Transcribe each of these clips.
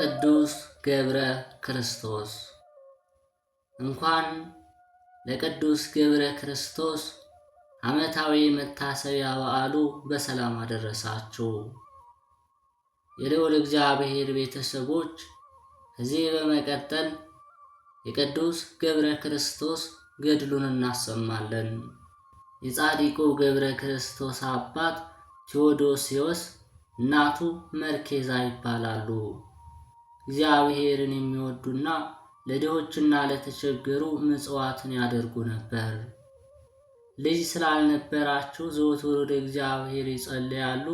ቅዱስ ገብረ ክርስቶስ እንኳን ለቅዱስ ገብረ ክርስቶስ ዓመታዊ መታሰቢያ በዓሉ በሰላም አደረሳችሁ። የልዑል እግዚአብሔር ቤተሰቦች፣ ከዚህ በመቀጠል የቅዱስ ገብረ ክርስቶስ ገድሉን እናሰማለን። የጻድቁ ገብረ ክርስቶስ አባት ቴዎዶሲዎስ እናቱ መርኬዛ ይባላሉ። እግዚአብሔርን የሚወዱና ለድሆችና ለተቸገሩ ምጽዋትን ያደርጉ ነበር። ልጅ ስላልነበራቸው ዘወትር ወደ እግዚአብሔር ይጸልያሉ፣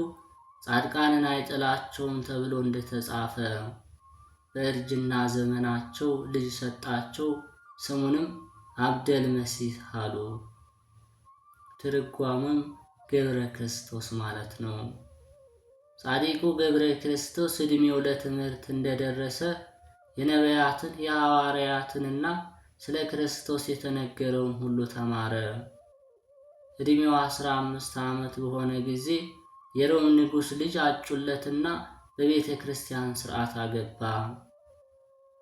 ጻድቃንን አይጥላቸውም ተብሎ እንደተጻፈ በእርጅና ዘመናቸው ልጅ ሰጣቸው፣ ስሙንም አብደል መሲህ አሉ። ትርጓምም ገብረ ክርስቶስ ማለት ነው። ጻድቁ ገብረ ክርስቶስ ዕድሜው ለትምህርት እንደደረሰ የነቢያትን የሐዋርያትንና ስለ ክርስቶስ የተነገረውን ሁሉ ተማረ። ዕድሜው አስራ አምስት ዓመት በሆነ ጊዜ የሮም ንጉሥ ልጅ አጩለትና በቤተ ክርስቲያን ሥርዓት አገባ።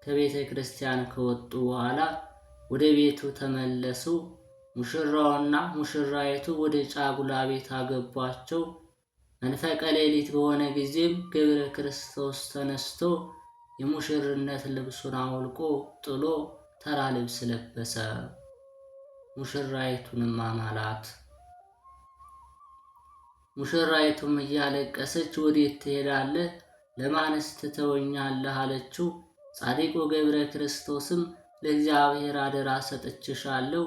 ከቤተ ክርስቲያን ከወጡ በኋላ ወደ ቤቱ ተመለሱ። ሙሽራውና ሙሽራይቱ ወደ ጫጉላ ቤት አገቧቸው። መንፈቀ ሌሊት በሆነ ጊዜም ግብረ ክርስቶስ ተነስቶ የሙሽርነት ልብሱን አውልቆ ጥሎ ተራ ልብስ ለበሰ። ሙሽራይቱንም አማላት። ሙሽራይቱም እያለቀሰች ወዴት ትሄዳለህ? ለማንስ ትተወኛለህ? አለችው። ጻድቁ ገብረ ክርስቶስም ለእግዚአብሔር አደራ ሰጥችሻለሁ፣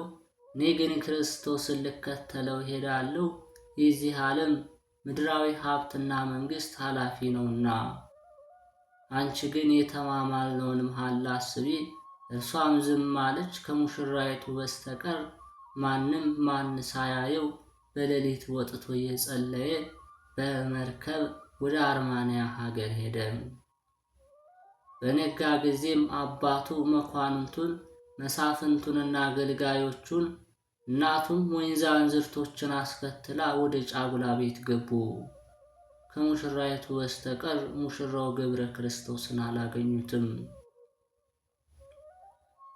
እኔ ግን ክርስቶስን ልከተለው እሄዳለሁ የዚህ ዓለም ምድራዊ ሀብትና መንግስት ኃላፊ ነውና። አንቺ ግን የተማማልነውን መሐላ አስቢ። እርሷም ዝም አለች። ከሙሽራይቱ በስተቀር ማንም ማን ሳያየው በሌሊት ወጥቶ እየጸለየ በመርከብ ወደ አርማንያ ሀገር ሄደ። በነጋ ጊዜም አባቱ መኳንንቱን መሳፍንቱንና አገልጋዮቹን እናቱም ወይንዛ አንዝርቶችን አስከትላ ወደ ጫጉላ ቤት ገቡ። ከሙሽራይቱ በስተቀር ሙሽራው ገብረ ክርስቶስን አላገኙትም።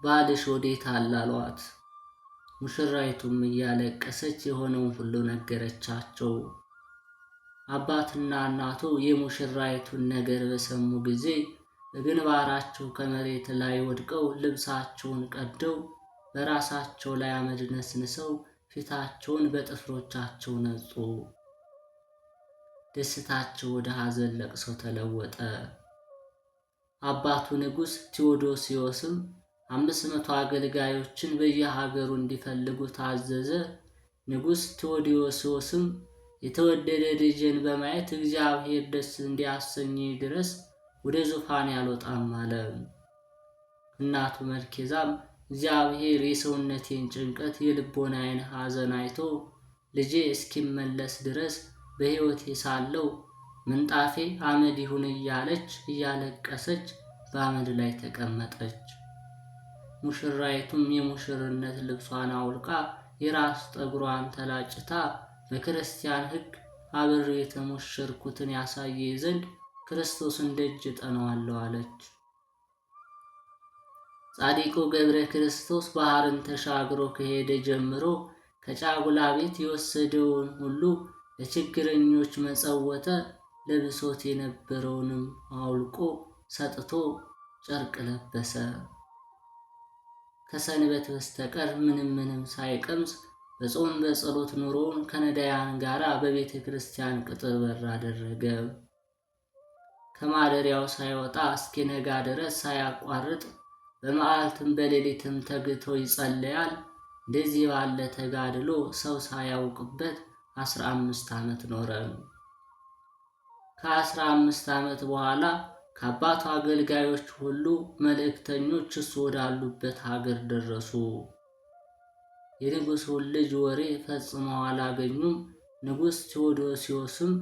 ባልሽ ወዴት አላሏት። ሙሽራይቱም እያለቀሰች የሆነውን ሁሉ ነገረቻቸው። አባትና እናቱ የሙሽራይቱን ነገር በሰሙ ጊዜ በግንባራቸው ከመሬት ላይ ወድቀው ልብሳቸውን ቀደው በራሳቸው ላይ አመድ ነስንሰው ፊታቸውን በጥፍሮቻቸው ነጹ። ደስታቸው ወደ ሐዘን ለቅሶ ተለወጠ። አባቱ ንጉሥ ቴዎዶሲዮስም አምስት መቶ አገልጋዮችን በየሀገሩ እንዲፈልጉ ታዘዘ። ንጉሥ ቴዎዶሲዮስም የተወደደ ልጄን በማየት እግዚአብሔር ደስ እንዲያሰኝ ድረስ ወደ ዙፋን ያልወጣም አለ። እናቱ መልኬዛም እግዚአብሔር የሰውነቴን ጭንቀት የልቦናዬን ሐዘን አይቶ ልጄ እስኪመለስ ድረስ በሕይወቴ ሳለው ምንጣፌ አመድ ይሁን እያለች እያለቀሰች በአመድ ላይ ተቀመጠች። ሙሽራይቱም የሙሽርነት ልብሷን አውልቃ የራስ ጠጉሯን ተላጭታ በክርስቲያን ሕግ አብሬ የተሞሸርኩትን ያሳየ ዘንድ ክርስቶስን ደጅ እጠነዋለሁ አለች። ጻዲቁ ገብረ ክርስቶስ ባህርን ተሻግሮ ከሄደ ጀምሮ ከጫጉላ ቤት የወሰደውን ሁሉ ለችግረኞች መጸወተ፣ ለብሶት የነበረውንም አውልቆ ሰጥቶ ጨርቅ ለበሰ። ከሰንበት በስተቀር ምንም ምንም ሳይቀምስ በጾም በጸሎት ኑሮውን ከነዳያን ጋር በቤተ ክርስቲያን ቅጥር በር አደረገ። ከማደሪያው ሳይወጣ እስኪነጋ ድረስ ሳያቋርጥ በመዓልትም በሌሊትም ተግቶ ይጸለያል። እንደዚህ ባለ ተጋድሎ ሰው ሳያውቅበት አስራ አምስት ዓመት ኖረ። ከአስራ አምስት ዓመት በኋላ ከአባቱ አገልጋዮች ሁሉ መልእክተኞች እሱ ወዳሉበት ሀገር ደረሱ። የንጉሱን ልጅ ወሬ ፈጽመው አላገኙም። ንጉሥ ቴዎዶሲዎስም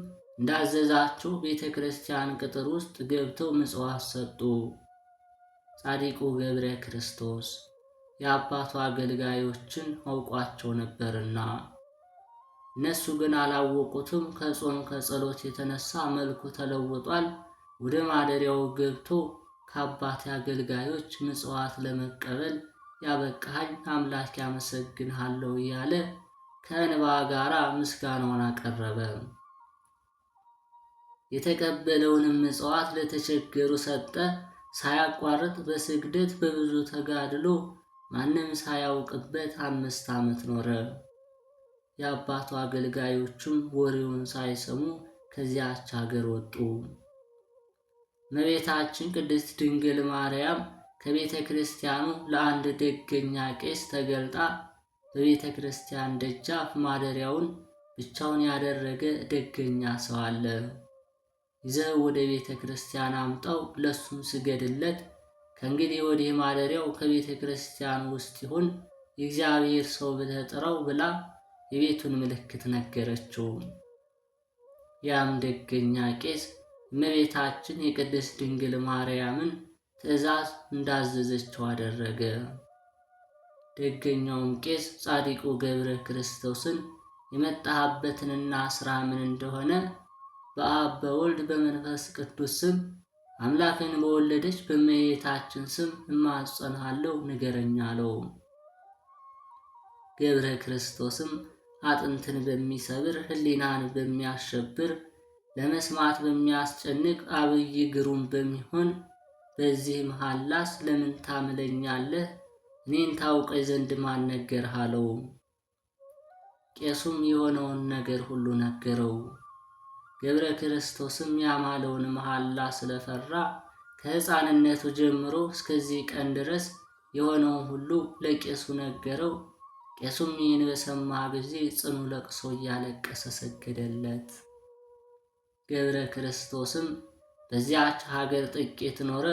እንዳዘዛቸው ቤተ ክርስቲያን ቅጥር ውስጥ ገብተው ምጽዋት ሰጡ። ጻድቁ ገብረ ክርስቶስ የአባቱ አገልጋዮችን አውቋቸው ነበርና እነሱ ግን አላወቁትም። ከጾም ከጸሎት የተነሳ መልኩ ተለውጧል። ወደ ማደሪያው ገብቶ ከአባቴ አገልጋዮች ምጽዋት ለመቀበል ያበቃሃኝ አምላክ ያመሰግንሃለሁ እያለ ከእንባ ጋር ምስጋናውን አቀረበ። የተቀበለውንም ምጽዋት ለተቸገሩ ሰጠ። ሳያቋርጥ በስግደት በብዙ ተጋድሎ ማንም ሳያውቅበት አምስት ዓመት ኖረ። የአባቱ አገልጋዮችም ወሬውን ሳይሰሙ ከዚያች አገር ወጡ። እመቤታችን ቅድስት ድንግል ማርያም ከቤተ ክርስቲያኑ ለአንድ ደገኛ ቄስ ተገልጣ በቤተ ክርስቲያን ደጃፍ ማደሪያውን ብቻውን ያደረገ ደገኛ ሰው አለ። ይዘው ወደ ቤተ ክርስቲያን አምጠው ለሱም ስገድለት። ከእንግዲህ ወዲህ ማደሪያው ከቤተ ክርስቲያን ውስጥ ይሁን፣ የእግዚአብሔር ሰው ብተጥረው ብላ የቤቱን ምልክት ነገረችው። ያም ደገኛ ቄስ እመቤታችን የቅድስት ድንግል ማርያምን ትእዛዝ እንዳዘዘችው አደረገ። ደገኛውም ቄስ ጻድቁ ገብረ ክርስቶስን የመጣህበትንና ስራ ምን እንደሆነ በአብ በወልድ በመንፈስ ቅዱስ ስም አምላክን በወለደች በመየታችን ስም እማጸንሃለሁ ንገረኝ አለው። ገብረ ክርስቶስም አጥንትን በሚሰብር ሕሊናን በሚያሸብር ለመስማት በሚያስጨንቅ አብይ ግሩም በሚሆን በዚህ መሐላስ ለምን ታምለኛለህ? እኔን ታውቀ ዘንድ ማን ነገርህ? አለው። ቄሱም የሆነውን ነገር ሁሉ ነገረው። ገብረ ክርስቶስም ያማለውን መሐላ ስለፈራ ከሕፃንነቱ ጀምሮ እስከዚህ ቀን ድረስ የሆነውን ሁሉ ለቄሱ ነገረው። ቄሱም ይህን በሰማ ጊዜ ጽኑ ለቅሶ እያለቀሰ ሰገደለት። ገብረ ክርስቶስም በዚያች ሀገር ጥቂት ኖረ።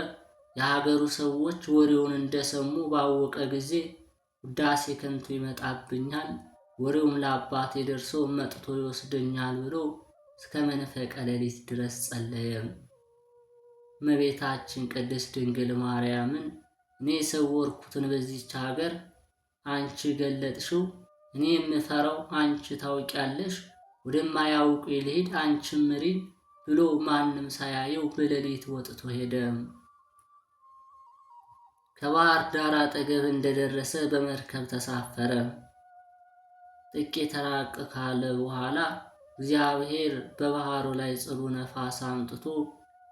የሀገሩ ሰዎች ወሬውን እንደሰሙ ባወቀ ጊዜ ውዳሴ ከንቱ ይመጣብኛል፣ ወሬውም ለአባቴ ደርሶ መጥቶ ይወስደኛል ብሎ እስከ መንፈቀ ሌሊት ድረስ ጸለየም። እመቤታችን ቅድስት ድንግል ማርያምን እኔ የሰወርኩትን በዚች ሀገር አንቺ ገለጥሽው፣ እኔ የምፈራው አንቺ ታውቂያለሽ፣ ወደማያውቁ ልሄድ አንቺ ምሪን ብሎ ማንም ሳያየው በሌሊት ወጥቶ ሄደም። ከባህር ዳር አጠገብ እንደደረሰ በመርከብ ተሳፈረ። ጥቂት ራቅ ካለ በኋላ እግዚአብሔር በባህሩ ላይ ጽሩ ነፋስ አምጥቶ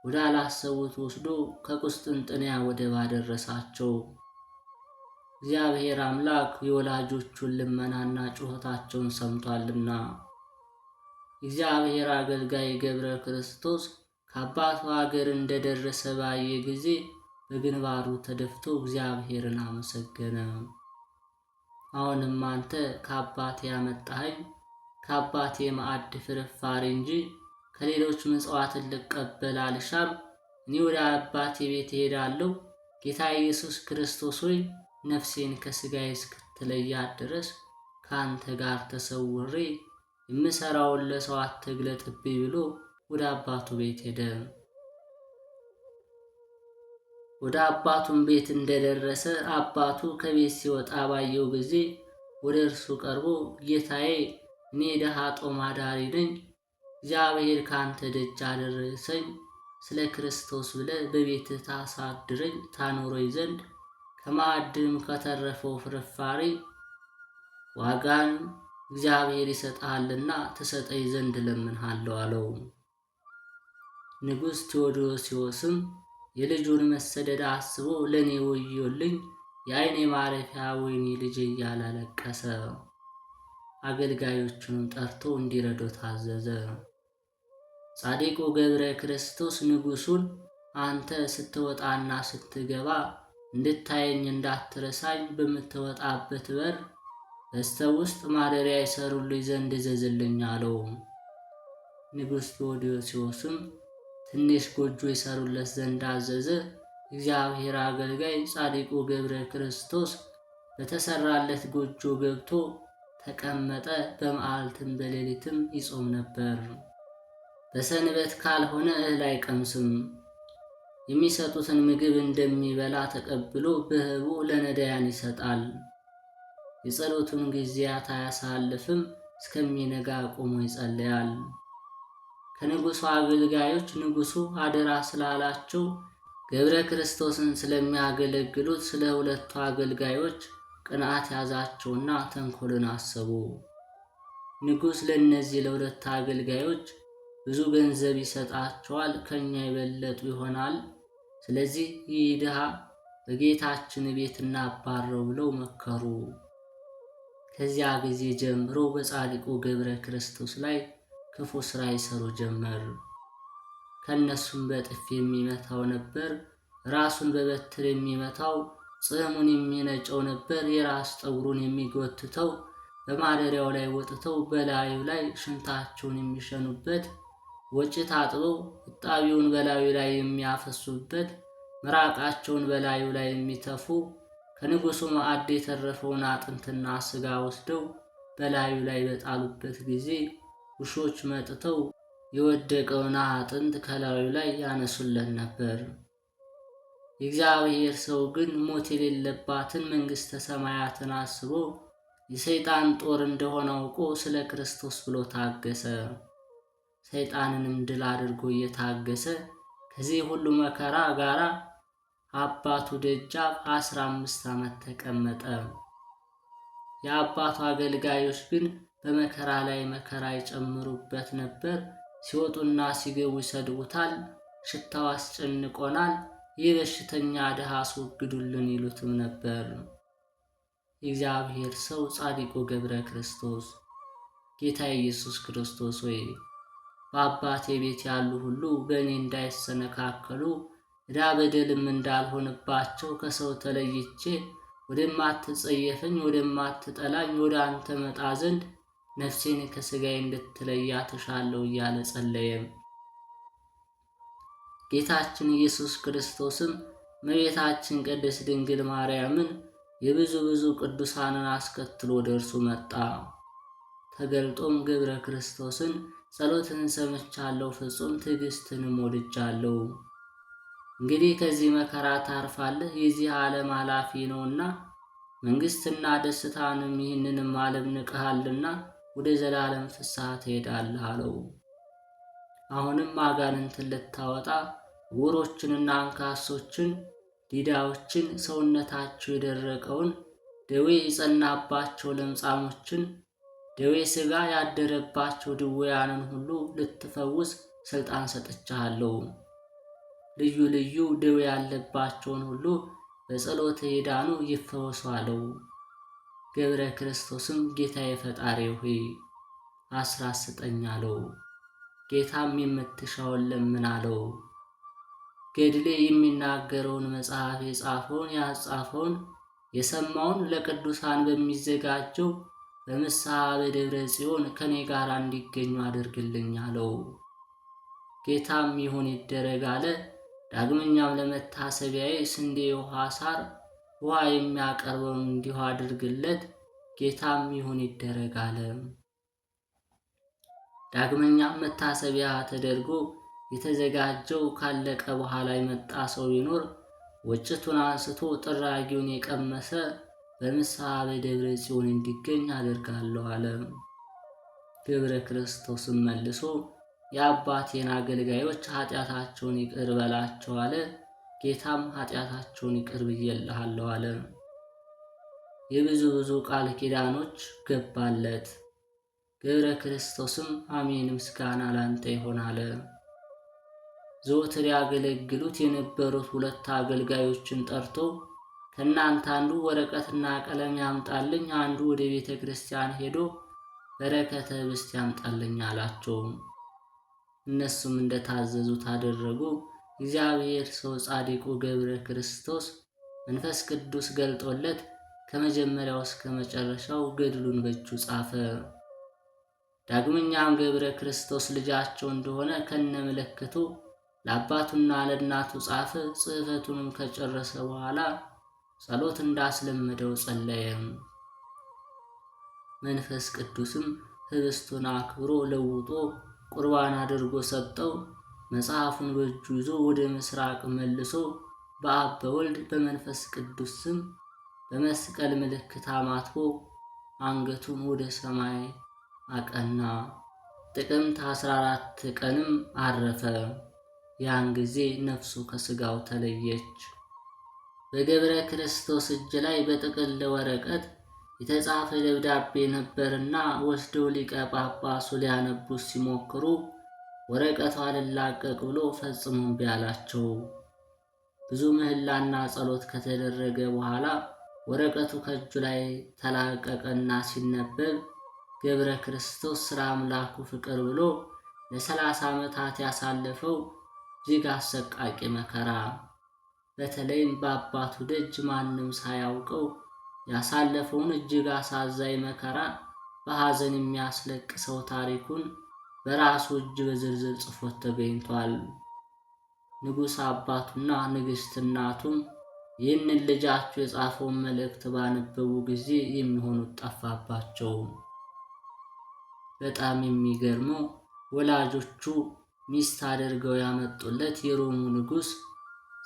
ወዳላሰቡት ወስዶ ከቁስጥንጥንያ ወደብ አደረሳቸው። እግዚአብሔር አምላክ የወላጆቹን ልመናና ጩኸታቸውን ሰምቷልና። እግዚአብሔር አገልጋይ ገብረ ክርስቶስ ከአባቱ አገር እንደደረሰ ባየ ጊዜ በግንባሩ ተደፍቶ እግዚአብሔርን አመሰገነ። አሁንም አንተ ከአባቴ ያመጣኸኝ ከአባቴ ማዕድ ፍርፋሪ እንጂ ከሌሎች ምጽዋትን ልቀበል አልሻም። እኔ ወደ አባቴ ቤት እሄዳለሁ። ጌታ ኢየሱስ ክርስቶስ ሆይ ነፍሴን ከሥጋዬ እስክትለያት ድረስ ከአንተ ጋር ተሰውሬ የምሠራውን ለሰው አትግለጥብኝ ብሎ ወደ አባቱ ቤት ሄደ። ወደ አባቱን ቤት እንደደረሰ አባቱ ከቤት ሲወጣ ባየው ጊዜ ወደ እርሱ ቀርቦ ጌታዬ እኔ ደሃ ጦም ነኝ፣ እግዚአብሔር ካንተ ደጅ አደረሰኝ። ስለ ክርስቶስ ብለ በቤትህ ታሳድረኝ ታኖረኝ ዘንድ ከማዕድም ከተረፈው ፍርፋሪ ዋጋን እግዚአብሔር ይሰጥሃልና ትሰጠኝ ዘንድ እለምንሃለሁ አለው። ንጉሥ ቴዎዶሲዎስም የልጁን መሰደድ አስቦ ለእኔ ወዮልኝ፣ የአይኔ ማረፊያ ወይኔ ልጅ እያላለቀሰ አገልጋዮቹንም ጠርቶ እንዲረዱ ታዘዘ። ጻድቁ ገብረ ክርስቶስ ንጉሱን አንተ ስትወጣና ስትገባ እንድታየኝ እንዳትረሳኝ በምትወጣበት በር በስተ ውስጥ ማደሪያ ይሰሩልኝ ዘንድ እዘዝልኝ አለው። ንጉሥ ቴዎዶሲዎስም ትንሽ ጎጆ ይሰሩለት ዘንድ አዘዘ። እግዚአብሔር አገልጋይ ጻድቁ ገብረ ክርስቶስ በተሰራለት ጎጆ ገብቶ ተቀመጠ። በመዓልትም በሌሊትም ይጾም ነበር። በሰንበት ካልሆነ እህል አይቀምስም። የሚሰጡትን ምግብ እንደሚበላ ተቀብሎ በህቡ ለነዳያን ይሰጣል። የጸሎቱን ጊዜያት አያሳልፍም። እስከሚነጋ ቆሞ ይጸለያል። ከንጉሡ አገልጋዮች ንጉሡ አደራ ስላላቸው ገብረ ክርስቶስን ስለሚያገለግሉት ስለ ሁለቱ አገልጋዮች ቅንዓት ያዛቸውና ተንኮልን አሰቡ። ንጉሥ ለእነዚህ ለሁለት አገልጋዮች ብዙ ገንዘብ ይሰጣቸዋል፣ ከእኛ የበለጡ ይሆናል። ስለዚህ ይህ ድሃ በጌታችን ቤት እናባረው ብለው መከሩ። ከዚያ ጊዜ ጀምሮ በጻድቁ ገብረ ክርስቶስ ላይ ክፉ ሥራ ይሰሩ ጀመር። ከእነሱም በጥፍ የሚመታው ነበር፣ ራሱን በበትር የሚመታው ጽሙን የሚነጨው ነበር የራስ ጠጉሩን የሚጎትተው በማደሪያው ላይ ወጥተው በላዩ ላይ ሽንታቸውን የሚሸኑበት ወጪ ታጥበው እጣቢውን በላዩ ላይ የሚያፈሱበት ምራቃቸውን በላዩ ላይ የሚተፉ ከንጉሱ ማዕድ የተረፈውን አጥንትና ስጋ ወስደው በላዩ ላይ በጣሉበት ጊዜ ውሾች መጥተው የወደቀውን አጥንት ከላዩ ላይ ያነሱለን ነበር። የእግዚአብሔር ሰው ግን ሞት የሌለባትን መንግሥተ ሰማያትን አስቦ የሰይጣን ጦር እንደሆነ አውቆ ስለ ክርስቶስ ብሎ ታገሰ። ሰይጣንንም ድል አድርጎ እየታገሰ ከዚህ ሁሉ መከራ ጋራ አባቱ ደጃፍ አስራ አምስት ዓመት ተቀመጠ። የአባቱ አገልጋዮች ግን በመከራ ላይ መከራ ይጨምሩበት ነበር። ሲወጡና ሲገቡ ይሰድቡታል። ሽታው አስጨንቆናል ይህ በሽተኛ ድሃ አስወግዱልን ይሉትም ነበር። የእግዚአብሔር ሰው ጻድቁ ገብረ ክርስቶስ ጌታ ኢየሱስ ክርስቶስ ወይ በአባቴ ቤት ያሉ ሁሉ በእኔ እንዳይሰነካከሉ ዕዳ በደልም እንዳልሆንባቸው ከሰው ተለይቼ ወደማትጸየፈኝ ወደማትጠላኝ ወደ አንተ መጣ ዘንድ ነፍሴን ከሥጋዬ እንድትለያ ተሻለው እያለ ጸለየም። ጌታችን ኢየሱስ ክርስቶስም እመቤታችን ቅድስት ድንግል ማርያምን የብዙ ብዙ ቅዱሳንን አስከትሎ ደርሶ መጣ። ተገልጦም ግብረ ክርስቶስን ጸሎትን ሰምቻለሁ፣ ፍጹም ትዕግስትን ወድጃለሁ። እንግዲህ ከዚህ መከራ ታርፋለህ፣ የዚህ ዓለም ኃላፊ ነውና መንግሥትና ደስታንም ይህንንም ዓለም ንቀሃልና ወደ ዘላለም ፍስሐ ትሄዳለህ አለው። አሁንም አጋንንትን ልታወጣ ዕውሮችንና አንካሶችን ዲዳዎችን ሰውነታቸው የደረቀውን ደዌ የጸናባቸው ለምጻሞችን ደዌ ሥጋ ያደረባቸው ድውያንን ሁሉ ልትፈውስ ሥልጣን ሰጥቻለሁ። ልዩ ልዩ ደዌ ያለባቸውን ሁሉ በጸሎት የዳኑ ይፈወሱ አለው። ገብረ ክርስቶስም ጌታዬ ፈጣሪ ሆይ አስራ ስጠኝ አለው። ጌታም የምትሻውን ለምን አለው። ገድሌ የሚናገረውን መጽሐፍ የጻፈውን ያጻፈውን የሰማውን ለቅዱሳን በሚዘጋጀው በንስሐ በደብረ ጽዮን ከእኔ ጋር እንዲገኙ አድርግልኝ አለው። ጌታም ይሁን ይደረግ አለ። ዳግመኛም ለመታሰቢያዬ ስንዴ፣ ውሃ፣ ሳር፣ ውሃ የሚያቀርበውን እንዲሁ አድርግለት። ጌታም ይሁን ይደረግ ዳግመኛ መታሰቢያ ተደርጎ የተዘጋጀው ካለቀ በኋላ የመጣ ሰው ቢኖር ወጭቱን አንስቶ ጥራጊውን የቀመሰ በምሳ በደብረ ጽዮን እንዲገኝ አደርጋለሁ አለ። ገብረ ክርስቶስም መልሶ የአባቴን አገልጋዮች ኃጢአታቸውን ይቅር በላቸው አለ። ጌታም ኃጢአታቸውን ይቅር ብዬልሃለሁ አለ። የብዙ ብዙ ቃል ኪዳኖች ገባለት። ገብረ ክርስቶስም አሜን ምስጋና ላንተ ይሆን አለ። ዘወትር ያገለግሉት የነበሩት ሁለት አገልጋዮችን ጠርቶ ከእናንተ አንዱ ወረቀትና ቀለም ያምጣልኝ፣ አንዱ ወደ ቤተ ክርስቲያን ሄዶ በረከተ ኅብስት ያምጣልኝ አላቸው። እነሱም እንደታዘዙት አደረጉ። እግዚአብሔር ሰው ጻድቁ ገብረ ክርስቶስ መንፈስ ቅዱስ ገልጦለት ከመጀመሪያው እስከ መጨረሻው ገድሉን በእጁ ጻፈ። ዳግመኛም ገብረ ክርስቶስ ልጃቸው እንደሆነ ከነ ምልክቱ ለአባቱና ለእናቱ ጻፈ። ጽሕፈቱንም ከጨረሰ በኋላ ጸሎት እንዳስለመደው ጸለየም። መንፈስ ቅዱስም ህብስቱን አክብሮ ለውጦ ቁርባን አድርጎ ሰጠው። መጽሐፉን በእጁ ይዞ ወደ ምስራቅ መልሶ በአብ በወልድ በመንፈስ ቅዱስ ስም በመስቀል ምልክት አማትቦ አንገቱን ወደ ሰማይ አቀና። ጥቅምት 14 ቀንም አረፈ። ያን ጊዜ ነፍሱ ከስጋው ተለየች። በገብረ ክርስቶስ እጅ ላይ በጥቅል ወረቀት የተጻፈ ደብዳቤ ነበርና ወስደው ሊቀ ጳጳሱ ሊያነቡት ሲሞክሩ ወረቀቱ አልላቀቅ ብሎ ፈጽሞ እምቢ አላቸው። ብዙ ምህላና ጸሎት ከተደረገ በኋላ ወረቀቱ ከእጁ ላይ ተላቀቀና ሲነበብ ገብረ ክርስቶስ ስራ አምላኩ ፍቅር ብሎ ለሰላሳ ዓመታት ያሳለፈው እጅግ አሰቃቂ መከራ በተለይም በአባቱ ደጅ ማንም ሳያውቀው ያሳለፈውን እጅግ አሳዛኝ መከራ በሐዘን የሚያስለቅሰው ታሪኩን በራሱ እጅ በዝርዝር ጽፎት ተገኝቷል። ንጉሥ አባቱና ንግሥት እናቱም ይህንን ልጃቸው የጻፈውን መልእክት ባነበቡ ጊዜ የሚሆኑት ጠፋባቸው። በጣም የሚገርመው ወላጆቹ ሚስት አድርገው ያመጡለት የሮሙ ንጉሥ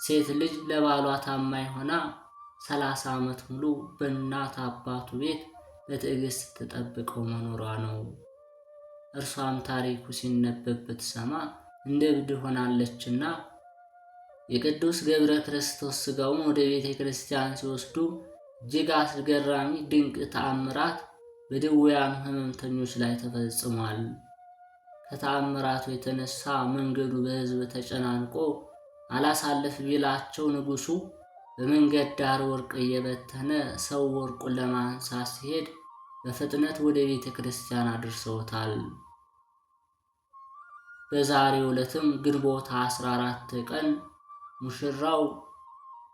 ሴት ልጅ ለባሏ ታማኝ ሆና ሰላሳ ዓመት ሙሉ በእናት አባቱ ቤት በትዕግስት ተጠብቀው መኖሯ ነው። እርሷም ታሪኩ ሲነበብ ብትሰማ እንደ እብድ ሆናለችና የቅዱስ ገብረ ክርስቶስ ሥጋውን ወደ ቤተ ክርስቲያን ሲወስዱ እጅግ አስገራሚ ድንቅ ተአምራት በድውያን ሕመምተኞች ላይ ተፈጽሟል። ከተአምራቱ የተነሳ መንገዱ በሕዝብ ተጨናንቆ አላሳለፍ ቢላቸው ንጉሡ በመንገድ ዳር ወርቅ እየበተነ ሰው ወርቁን ለማንሳት ሲሄድ በፍጥነት ወደ ቤተ ክርስቲያን አድርሰውታል። በዛሬ ዕለትም ግንቦት 14 ቀን ሙሽራው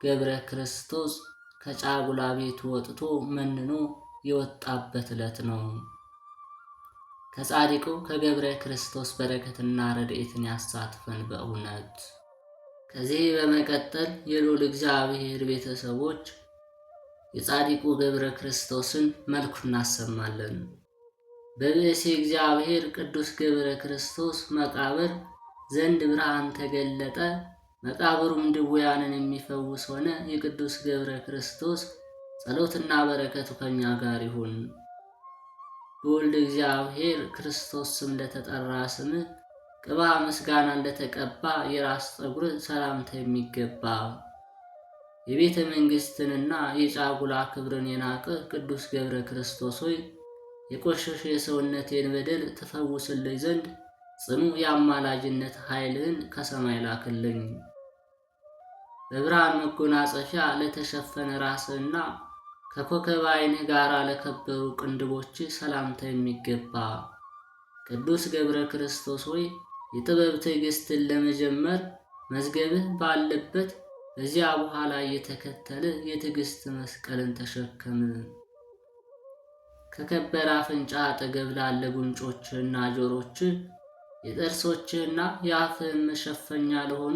ገብረ ክርስቶስ ከጫጉላ ቤት ወጥቶ መንኖ የወጣበት ዕለት ነው። ከጻድቁ ከገብረ ክርስቶስ በረከትና ረድኤትን ያሳትፈን በእውነት። ከዚህ በመቀጠል የሎል እግዚአብሔር ቤተሰቦች የጻድቁ ገብረ ክርስቶስን መልኩ እናሰማለን። በብእሴ እግዚአብሔር ቅዱስ ገብረ ክርስቶስ መቃብር ዘንድ ብርሃን ተገለጠ፣ መቃብሩም ድውያንን የሚፈውስ ሆነ። የቅዱስ ገብረ ክርስቶስ ጸሎትና በረከቱ ከኛ ጋር ይሁን። በወልድ እግዚአብሔር ክርስቶስ ስም ለተጠራ ስም ቅባ ምስጋና እንደተቀባ የራስ ጠጉር ሰላምታ የሚገባ የቤተ መንግስትንና የጫጉላ ክብርን የናቀ ቅዱስ ገብረ ክርስቶስ ሆይ የቆሸሸ የሰውነቴን በደል ትፈውስልኝ ዘንድ ጽኑ የአማላጅነት ኃይልህን ከሰማይ ላክልኝ። በብርሃን መጎናጸፊያ ለተሸፈነ ራስህና ከኮከብ ዓይንህ ጋር ለከበሩ ቅንድቦች ሰላምታ የሚገባ ቅዱስ ገብረ ክርስቶስ ሆይ የጥበብ ትዕግስትን ለመጀመር መዝገብህ ባለበት በዚያ በኋላ እየተከተል የትዕግስት መስቀልን ተሸከም። ከከበረ አፍንጫ አጠገብ ላለ ጉንጮችህና ጆሮች የጥርሶችህና የአፍህን መሸፈኛ ለሆኑ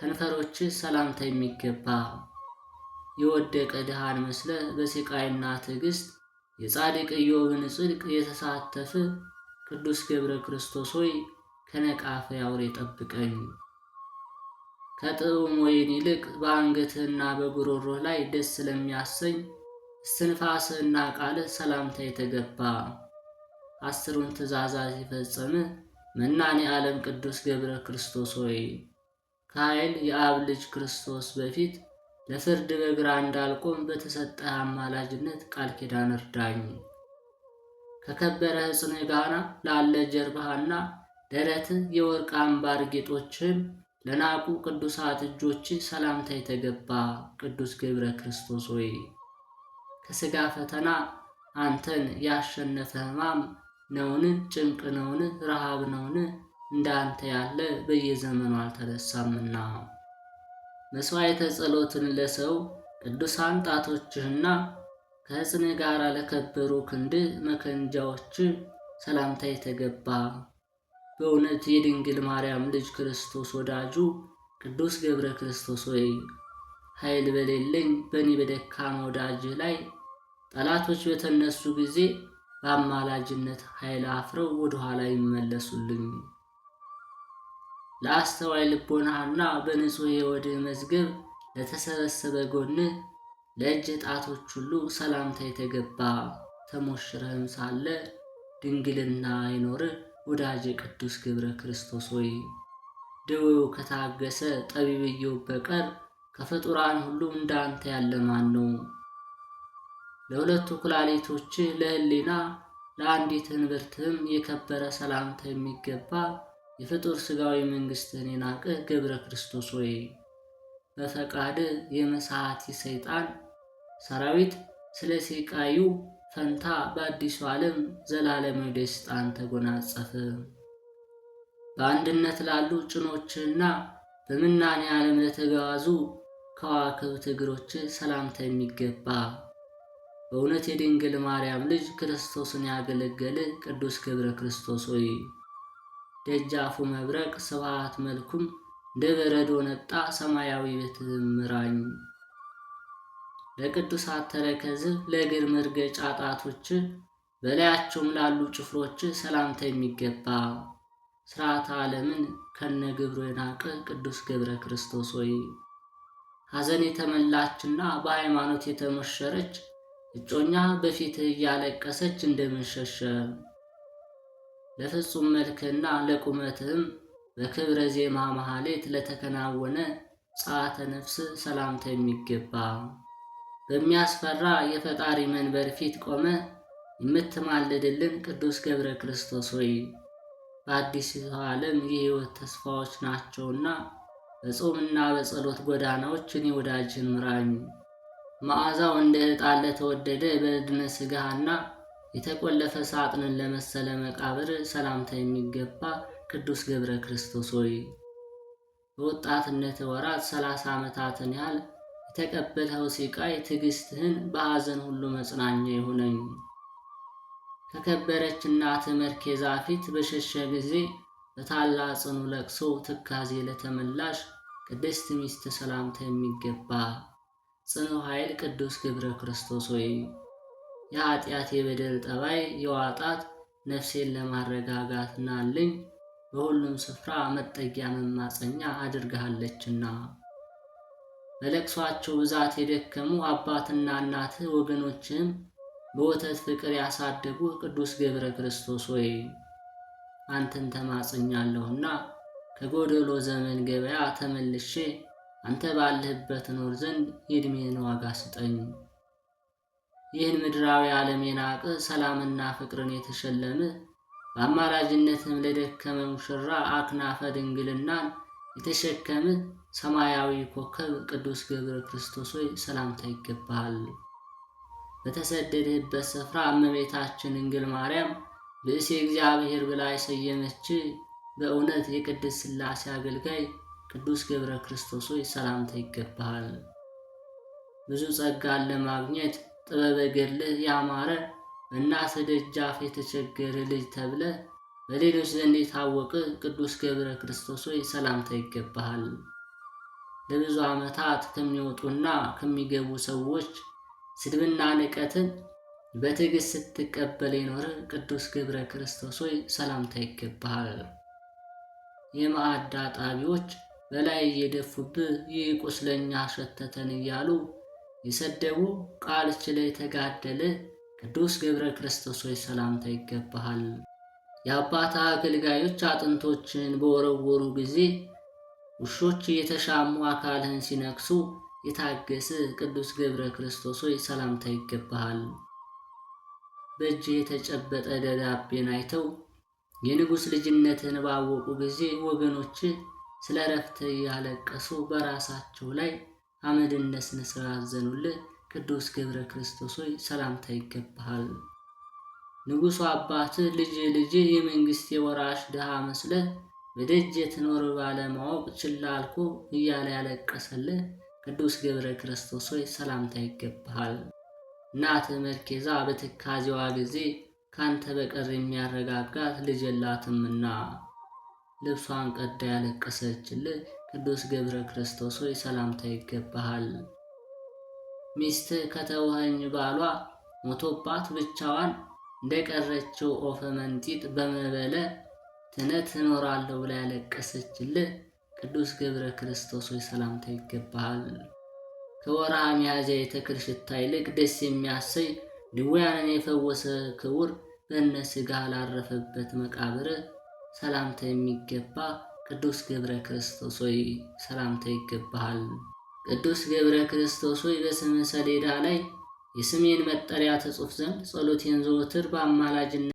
ከንፈሮችህ ሰላምታ የሚገባ የወደቀ ድሃን መስለ በስቃይና ትዕግስት የጻድቅ ኢዮብን ጽድቅ የተሳተፈ ቅዱስ ገብረ ክርስቶስ ሆይ ከነቃፈ አውሬ ጠብቀኝ። ከጥዑም ወይን ይልቅ በአንገትህና በጉሮሮህ ላይ ደስ ስለሚያሰኝ እስትንፋስህና ቃል ሰላምታ የተገባ አስሩን ትእዛዛት የፈጸመ መናኔ ዓለም ቅዱስ ገብረ ክርስቶስ ሆይ ከኃይል የአብ ልጅ ክርስቶስ በፊት ለፍርድ በግራ እንዳልቆም በተሰጠህ አማላጅነት ቃል ኪዳን እርዳኝ። ከከበረ ዕፅነ ጋና ላለ ጀርባህና ደረት የወርቅ አምባር ጌጦችህም ለናቁ ቅዱሳት እጆች ሰላምታ የተገባ ቅዱስ ገብረ ክርስቶስ ሆይ ከሥጋ ፈተና አንተን ያሸነፈ ሕማም ነውን? ጭንቅ ነውን? ረሃብ ነውን? እንዳንተ ያለ በየዘመኑ አልተረሳምና መሥዋዕተ ጸሎትን ለሰው ቅዱሳን ጣቶችህና ከሕፅን ጋር ለከበሩ ክንድ መከንጃዎች ሰላምታ የተገባ በእውነት የድንግል ማርያም ልጅ ክርስቶስ ወዳጁ ቅዱስ ገብረ ክርስቶስ ወይ ኃይል በሌለኝ በእኔ በደካማ ወዳጅህ ላይ ጠላቶች በተነሱ ጊዜ በአማላጅነት ኃይል አፍረው ወደኋላ ይመለሱልኝ። ለአስተዋይ ልቦናህና በንጹሕ የወድህ መዝገብ ለተሰበሰበ ጎን ለእጅ ጣቶች ሁሉ ሰላምታ የተገባ ተሞሽረህም ሳለ ድንግልና አይኖር ወዳጅ ቅዱስ ግብረ ክርስቶስ ሆይ ደዌው ከታገሰ ጠቢብየው በቀር ከፍጡራን ሁሉ እንዳንተ ያለ ማን ነው? ለሁለቱ ኩላሊቶች ለህሊና ለአንዲት እንብርትህም የከበረ ሰላምታ የሚገባ የፍጡር ሥጋዊ መንግሥትን የናቅህ ገብረ ክርስቶስ ወይ በፈቃድህ የመሳሐቲ ሰይጣን ሰራዊት ስለ ሴቃዩ ፈንታ በአዲሱ ዓለም ዘላለማዊ ደስታን ተጎናጸፈ። በአንድነት ላሉ ጭኖችና በምናኔ ዓለም ለተጓዙ ከዋክብት እግሮች ሰላምታ የሚገባ በእውነት የድንግል ማርያም ልጅ ክርስቶስን ያገለገለ ቅዱስ ገብረ ክርስቶስ ሆይ ደጃፉ መብረቅ ስብሃት መልኩም እንደ በረዶ ነጣ ሰማያዊ ብትምራኝ ለቅዱሳት ተረከዝ ለእግር መርገጫ ጣቶች በላያቸውም ላሉ ጭፍሮች ሰላምታ የሚገባ ስርዓተ ዓለምን ከነ ግብሮ የናቀ ቅዱስ ገብረ ክርስቶስ ሆይ ሐዘን የተመላችና በሃይማኖት የተሞሸረች እጮኛ በፊት እያለቀሰች እንደምንሸሸም ለፍጹም መልክና ለቁመትም በክብረ ዜማ መሐሌት ለተከናወነ ጸአተ ነፍስ ሰላምታ የሚገባ በሚያስፈራ የፈጣሪ መንበር ፊት ቆመ የምትማልድልን ቅዱስ ገብረ ክርስቶስ ሆይ በአዲስ ዓለም የሕይወት ተስፋዎች ናቸውና በጾምና በጸሎት ጎዳናዎች እኔ ወዳጅን ምራኝ መዓዛው እንደ ዕጣን ለተወደደ በዕድመ ሥጋህና የተቆለፈ ሳጥንን ለመሰለ መቃብር ሰላምታ የሚገባ ቅዱስ ገብረ ክርስቶስ ሆይ በወጣትነት ወራት ሰላሳ ዓመታትን ያህል የተቀበልኸው ሲቃይ ትዕግስትህን በሐዘን ሁሉ መጽናኛ ይሁነኝ። ከከበረች እናትህ መርኬዛ ፊት በሸሸ ጊዜ በታላ ጽኑ ለቅሶ ትካዜ ለተመላሽ ቅድስት ሚስት ሰላምታ የሚገባ ጽኑ ኃይል ቅዱስ ገብረ ክርስቶስ ወይ። የኃጢአት የበደል ጠባይ የዋጣት ነፍሴን ለማረጋጋት ናልኝ በሁሉም ስፍራ መጠጊያ መማፀኛ አድርግሃለችና። በለቅሷቸው ብዛት የደከሙ አባትና እናትህ ወገኖችህም በወተት ፍቅር ያሳደጉ ቅዱስ ገብረ ክርስቶስ ወይ አንተን ተማጽኛለሁና ከጎደሎ ዘመን ገበያ ተመልሼ አንተ ባለህበት ኖር ዘንድ የእድሜን ዋጋ ስጠኝ። ይህን ምድራዊ ዓለም የናቀ ሰላምና ፍቅርን የተሸለመ በአማላጅነትም ለደከመ ሙሽራ አክናፈ ድንግልናን የተሸከመ ሰማያዊ ኮከብ ቅዱስ ገብረ ክርስቶስ ሆይ ሰላምታ ይገባሃል። በተሰደድህበት ስፍራ እመቤታችን ድንግል ማርያም ብእሴ እግዚአብሔር ብላ የሰየመች በእውነት የቅድስት ሥላሴ አገልጋይ ቅዱስ ገብረ ክርስቶስ ሆይ ሰላምታ ይገባሃል። ብዙ ጸጋን ለማግኘት ጥበበ ገድልህ ያማረ እና ስደጃፍ የተቸገረ ልጅ ተብለ በሌሎች ዘንድ የታወቀ ቅዱስ ገብረ ክርስቶስ ሆይ ሰላምታ ይገባሃል። ለብዙ ዓመታት ከሚወጡና ከሚገቡ ሰዎች ስድብና ንቀትን በትዕግስት ስትቀበል የኖረ ቅዱስ ገብረ ክርስቶስ ሆይ ሰላምታ ይገባሃል። የማዕድ ጣቢዎች በላይ እየደፉብህ ይህ ቁስለኛ ሸተተን እያሉ የሰደቡ ቃል ላይ የተጋደለ ቅዱስ ገብረ ክርስቶስ ሆይ ሰላምታ ይገባሃል። የአባታ አገልጋዮች አጥንቶችን በወረወሩ ጊዜ ውሾች የተሻሙ አካልህን ሲነክሱ የታገሰ ቅዱስ ገብረ ክርስቶስ ሆይ ሰላምታ ይገባሃል። በእጅ የተጨበጠ ደዳቤን አይተው የንጉሥ ልጅነትን ባወቁ ጊዜ ወገኖች ስለ እረፍት እያለቀሱ በራሳቸው ላይ አመድን ለሥነ ቅዱስ ገብረ ክርስቶስ ሆይ ሰላምታ ይገባሃል። ንጉሡ አባት ልጅ ልጅ የመንግሥት የወራሽ ድሃ መስለ በደጅ የትኖር ባለማወቅ ችላ አልኮ እያለ ያለቀሰል ቅዱስ ገብረ ክርስቶስ ሆይ ሰላምታ ይገባሃል። እናትህ መርኬዛ በትካዜዋ ጊዜ ካንተ በቀር የሚያረጋጋት ልጅ የላትምና ልብሷን ቀዳ ያለቀሰችል ቅዱስ ገብረ ክርስቶስ ሆይ ሰላምታ ይገባሃል። ሚስት ከተወኸኝ ባሏ ሞቶባት ብቻዋን እንደቀረችው ኦፈ መንጢጥ በመበለ ትነት እኖራለሁ ብላ ያለቀሰችልህ ቅዱስ ገብረ ክርስቶስ ሆይ ሰላምታ ይገባሃል። ከወርሃ ሚያዝያ የተክል ሽታ ይልቅ ደስ የሚያሰኝ ድውያንን የፈወሰ ክቡር በእነ ላረፈበት መቃብር ሰላምታ የሚገባ ቅዱስ ገብረ ክርስቶስ ሆይ ሰላምታ ይገባሃል። ቅዱስ ገብረ ክርስቶስ ሆይ በስምህ ሰሌዳ ላይ የስሜን መጠሪያ ተጽፍ ዘንድ ጸሎቴን ዘወትር በአማላጅነት